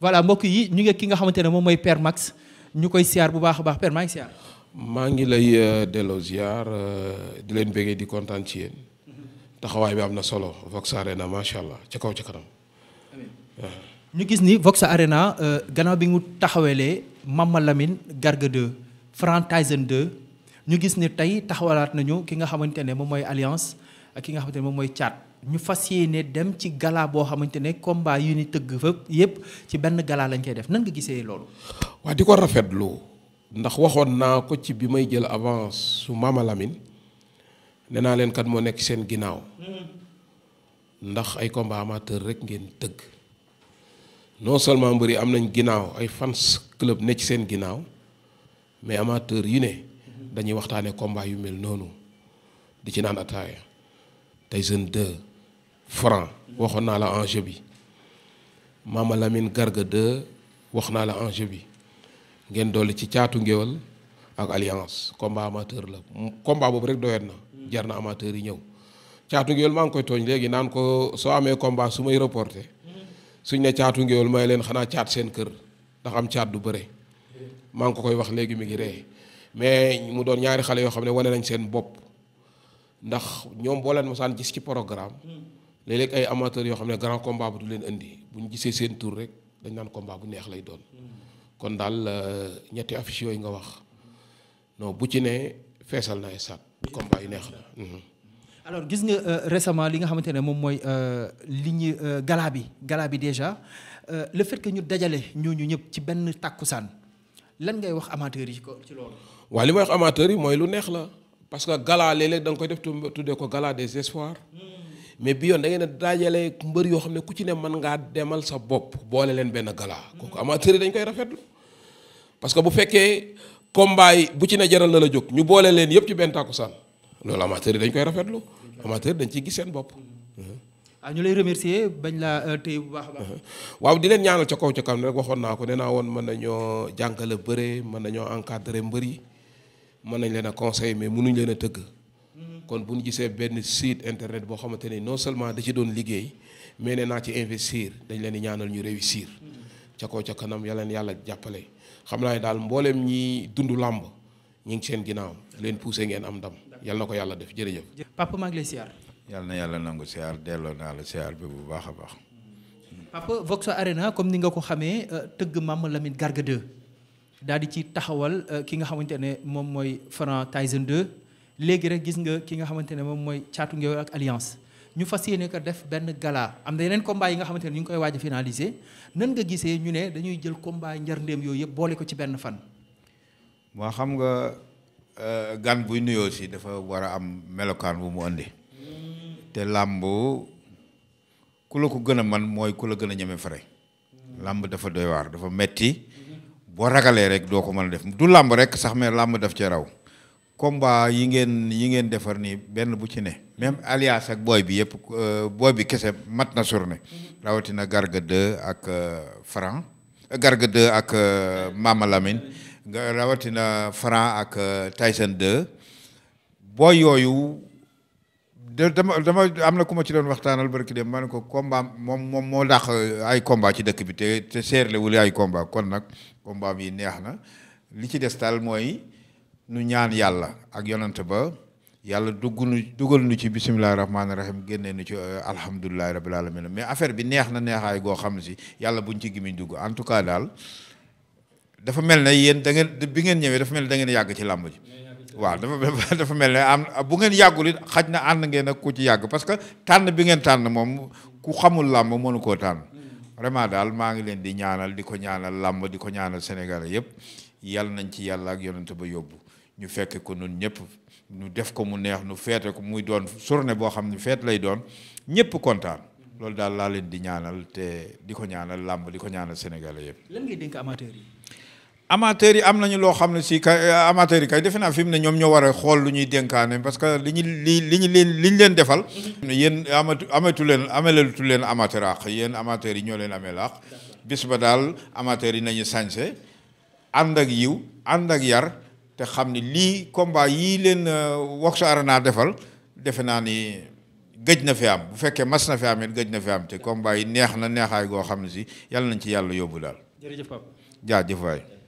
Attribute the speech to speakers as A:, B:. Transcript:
A: voilà mbokk yi ñu ngi ki nga xamante ne moom mooy Père ñu koy siyaar bu baax a baax Père maa ngi siyaar. maa
B: ngi lay euh, delloo ziar euh, di leen bëggee di kontaan ci yéen taxawaay bi am na solo Vox Arena macha allah ca kaw ca kanam. Ah.
A: ñu gis ni Vox Arena euh, gannaaw bi mu taxawalee Mama Lamine Garga 2 Frank Tyson ñu gis ni tey taxawalaat nañu ki nga xamante ne moom mooy alliance. ak ki nga xamante ne moom mooy caat ñu fas yéene dem ci galaa boo xamante ne combat yu ni tëgg fépp yëpp ci benn galaa lañ koy def nan nga gisee loolu.
B: waa di ko rafetlu ndax waxoon naa ko ci bi may jël avance su Mama Lamine naa leen kat moo nekk seen ginnaaw ndax ay combat amateur rek ngeen tëgg non seulement mbër yi am nañ ginnaaw ay fans club ne ci seen ginnaaw mais amateur yu ne dañuy waxtaanee combat yu mel noonu di ci naan ataaya. tey Tyson 2 Franc waxoon naa la enjeu bi Mama Lamine Garga 2 wax naa la enjeu bi ngeen dolli ci caatu ngéwal ak alliance combat amateur la combat boobu rek doyoon na jar na amateur yi ñëw caatu ngéwal maa ngi koy tooñ léegi naan ko soo amee combat su may reporté suñ ne caatu ngéwal may leen xanaa caat seen kër ndax am caat du bëre maa ngi ko koy wax léegi mi ngi ree mais mu doon ñaari xale yoo xam ne wane nañ seen bopp ndax ñoom boo leen mosaan gis ci programme léeg-léeg ay amateurs yoo xam ne grand combat bu du leen indi bu ñu gisee seen tour rek dañ naan combat bu neex lay doon kon daal euh, ñetti affiche yooyu nga wax non bu ci ne feesal na stade combat yu neex la mhm.
A: alors gis nga euh, récemment li nga xamante ne moom mooy euh, li ñu gala bi gala bi déjà le fait que ñu dajale ñooñu ñëpp ci benn tàkkusaan lan ngay wax amateurs yi ko ci loolu
B: waaw li may wax amateurs yi mooy lu neex la parce que gala léeg-léeg da nga koy def tuddee ko gala des espoirs mais bi yoon da ngeen a dajale mbër yoo xam ne ku ci ne man ngaa demal sa bopp boole leen benn gala kooku amateur yi dañ koy rafetlu parce que bu fekkee combat yi bu ci ne jaral na la jóg ñu boole leen yëpp ci benn tàkkusaan loolu amateur yi dañ koy rafetlu amateur dañ ciy gis seen bopp. ah ñu lay remercier bañ laa euh, téye bu baax waaw di leen ñaanal ca kaw ca kam rek waxoon naa ko nee naa woon mën na ñoo jàngale bëre mën nañoo encadrer mbër yi mën nañ leen a conseil mais mënuñ leen a tëgg kon bu ñu gisee benn site internet boo xamante ni non seulement da ci doon liggéey mais nee naa ci investir dañ leen di ñaanal ñu réussir ca koo ca kanam yàlla na yàlla jàppale xam naa ne daal mbooleem ñi dundu làmb ñu ngi seen ginnaaw leen poussé ngeen am ndam yàlla na ko yàlla def jërëjëf.
A: papa maa ngi lay siyaar.
B: yal na yàlla nangu
C: siyaar delloo naa la siyaar bi bu baax a baax.
A: papa Vox comme ni nga ko xamee euh, tëgg Mame Lamine Garga 2 daal di ci taxawal euh, ki nga xamante ne moom mooy Franc Tyson 2 léegi rek gis nga ki nga xamante ne moom mooy caatu ngew ak alliance ñu fas yéene ko def benn gala am na yeneen combat yi nga xamante ne ñu ngi koy waaja a finaliser nan nga gisee ñu ne dañuy jël combat njarndeem yooyu yëpp boole ko ci benn fan. moo xam nga
C: euh, gan buy nuyoo si dafa war a am melokaan bu mu andi. te làmb ku la ko gën a man mooy ku la gën a ñeme fare. làmb dafa doy waar dafa metti boo ragalee rek doo ko mën a def du làmb rek sax mais làmb def ci raw combat yi ngeen yi ngeen defar nii benn bu ci ne même alias ak booy bi yëpp euh, booy bi kese mat na surne rawatina Garga 2 ak euh, Franc Garga 2 ak euh, Mama rawatina Franc ak Tyson 2 booy yooyu dama dama am na ku ma ci doon waxtaanal barki dem ma ne ko kombaam moom moom moo dax euh, ay combat ci dëkk bi te te seerle wuli ay combat kon nag combat yi neex na li ci des daal mooy nu ñaan yàlla ak yonante ba yàlla dugg nu dugal nu ci bisimilah rahmaani rahim génne nu ci euh, alhamdulilah rabil alamin mais affaire bi neex na neexaay goo xam ne si yàlla buñ ci gimiñ dugg en tout cas daal dafa mel ne yéen da ngeen bi ngeen ñëwee dafa mel ne da ngeen yàgg ci làmb ji. waaw dafa dafa mel ne am bu ngeen yàggul it xaj na ànd ngeen ak ku ci yàgg parce que tànn bi ngeen tànn moom ku xamul làmb mënu koo tànn vraiment daal maa ngi leen di ñaanal di ko ñaanal làmb di ko ñaanal Sénégalais yëpp yal nañ ci yàlla ak yonent ba yóbbu ñu fekke ko nun ñëpp ñu def ko mu neex nu feete ko muy doon journée boo xam ne feet lay doon ñëpp kontaan loolu daal laa leen di ñaanal te di ko ñaanal làmb di ko ñaanal Sénégalais
A: yëpp. yi.
C: amateurs yi am nañu loo xam ne si kay euh, amateurs yi kay defe naa fi mu ne ñoom ñoo war a xool lu ñuy dénkaane parce que li ñu li li ñu leen li ñu leen defal. Mm-hmm. yéen amatu amatu leen ameleetu leen amateur ak yéen amateurs yi leen amee laax. bis ba daal amateurs yi nañu sañse ànd ak yiw ànd ak yar te xam ne lii combat yii leen euh, Vox naa defal defe naa ni. gëj na fi am bu fekkee mas na fi am it gëj na fi am te combat yi neex na neexaay goo xam ne si yàlla nañ ci yàlla yóbbu daal. jërëjëf Pape. jaajëf